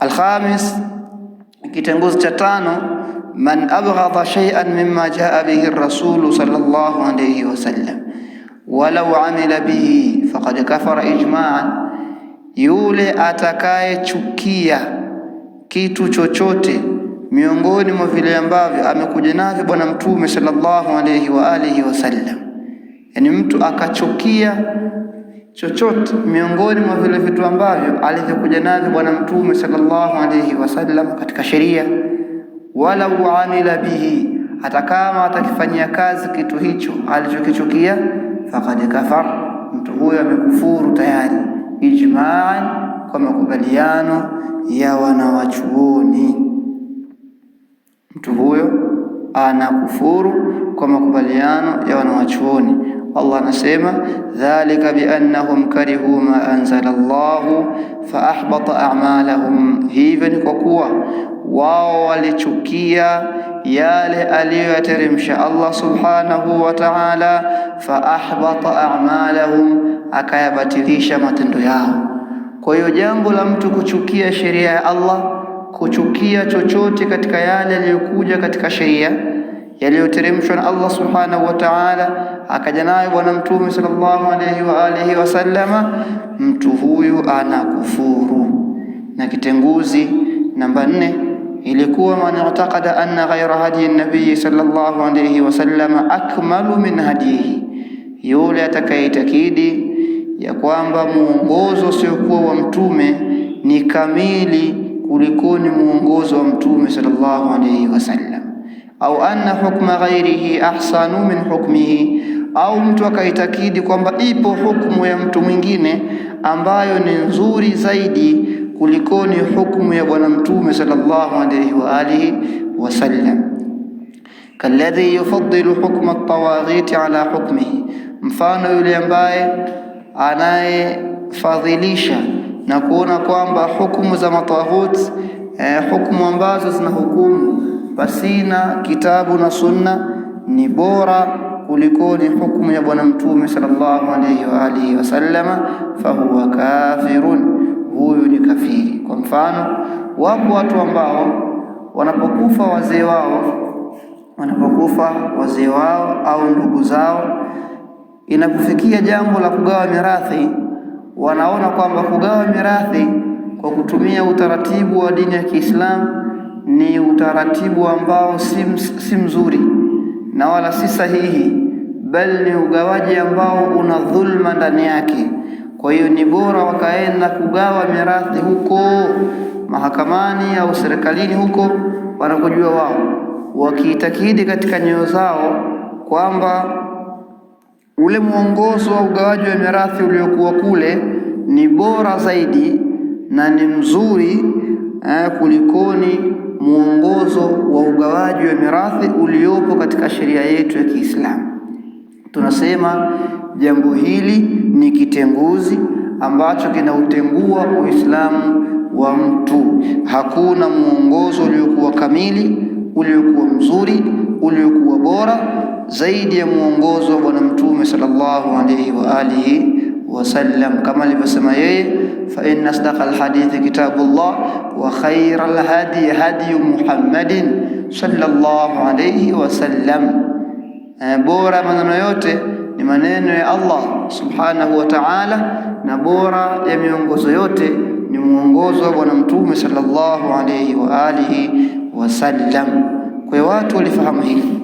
Alkhamis, kitenguzi cha tano, man abghadha shay'an mimma jaa bihi ar-rasul sallallahu alayhi wasallam walau amila bihi faqad kafara ijma'an, yule atakayechukia kitu chochote miongoni mwa vile ambavyo amekuja navyo Bwana Mtume sallallahu alayhi wa alihi wasallam, yani mtu akachukia chochote miongoni mwa vile vitu ambavyo alivyokuja navyo Bwana Mtume sallallahu alayhi wasallam katika sheria, walau amila bihi, hata kama atakifanyia kazi kitu hicho alichokichukia, faqad kafar, mtu huyo amekufuru tayari, ijmaan, kwa makubaliano ya wanawachuoni, mtu huyo anakufuru kwa makubaliano ya wanawachuoni. Allah anasema dhalika biannahum karihu ma anzala Allahu fa ahbata a'malahum, hivyo ni kwa kuwa wao walichukia yale aliyoyateremsha Allah subhanahu wa ta'ala, fa ahbata a'malahum, akayabatilisha matendo yao. Kwa hiyo jambo la mtu kuchukia sheria ya Allah, kuchukia chochote katika yale yaliyokuja katika sheria yaliyoteremshwa na Allah subhanahu wa ta'ala akaja naye Bwana Mtume sallallahu alayhi wa alihi wasallama, mtu huyu ana kufuru Na kitenguzi namba nne ilikuwa man i'taqada anna ghayra an nabii sallallahu alaihi wasallama akmalu min hadihi, yule atakayeitakidi ya kwamba muongozo usiokuwa wa mtume ni kamili kuliko ni muongozo wa mtume sallallahu alaihi wasallam, au anna hukma ghairihi ahsanu min hukmihi au mtu akaitakidi kwamba ipo hukumu ya mtu mwingine ambayo ni nzuri zaidi kulikoni hukumu ya Bwana Mtume sallallahu alayhi wa alihi wasallam. Kalladhi yufaddilu hukma at tawaghit ala hukmihi, mfano yule ambaye anayefadhilisha na kuona kwamba hukumu za matawuti eh, hukumu ambazo zina hukumu pasina kitabu na sunna ni bora kulikoni hukumu ya Bwana Mtume sallallahu alayhi wa alihi wasallama, fahuwa kafirun, huyu ni kafiri. Kwa mfano, wapo watu ambao wanapokufa wazee wao, wanapokufa wazee wao au ndugu zao, inapofikia jambo la kugawa mirathi, wanaona kwamba kugawa mirathi kwa kutumia utaratibu wa dini ya Kiislamu ni utaratibu ambao si mzuri na wala si sahihi, bali ni ugawaji ambao una dhulma ndani yake. Kwa hiyo ni bora wakaenda kugawa mirathi huko mahakamani au serikalini, huko wanakojua wao, wakiitakidi katika nyoyo zao kwamba ule mwongozo wa ugawaji wa mirathi uliokuwa kule ni bora zaidi na ni mzuri eh, kulikoni muongozo wa ugawaji wa mirathi uliopo katika sheria yetu ya Kiislamu. Tunasema jambo hili ni kitenguzi ambacho kinautengua Uislamu wa mtu. Hakuna muongozo uliokuwa kamili, uliokuwa mzuri, uliokuwa bora zaidi ya muongozo wa Bwana Mtume sallallahu alaihi wa alihi wasallam, kama alivyosema yeye, fa inna asdaqal hadithi kitabullah wa khairal hadi hadi Muhammadin sallallahu alayhi wasallam, eh, bora maneno yote ni maneno ya Allah subhanahu wa ta'ala, na bora ya miongozo yote ni mwongozo wa Bwana Mtume sallallahu alayhi wa alihi wasallam. Kwa watu walifahamu hili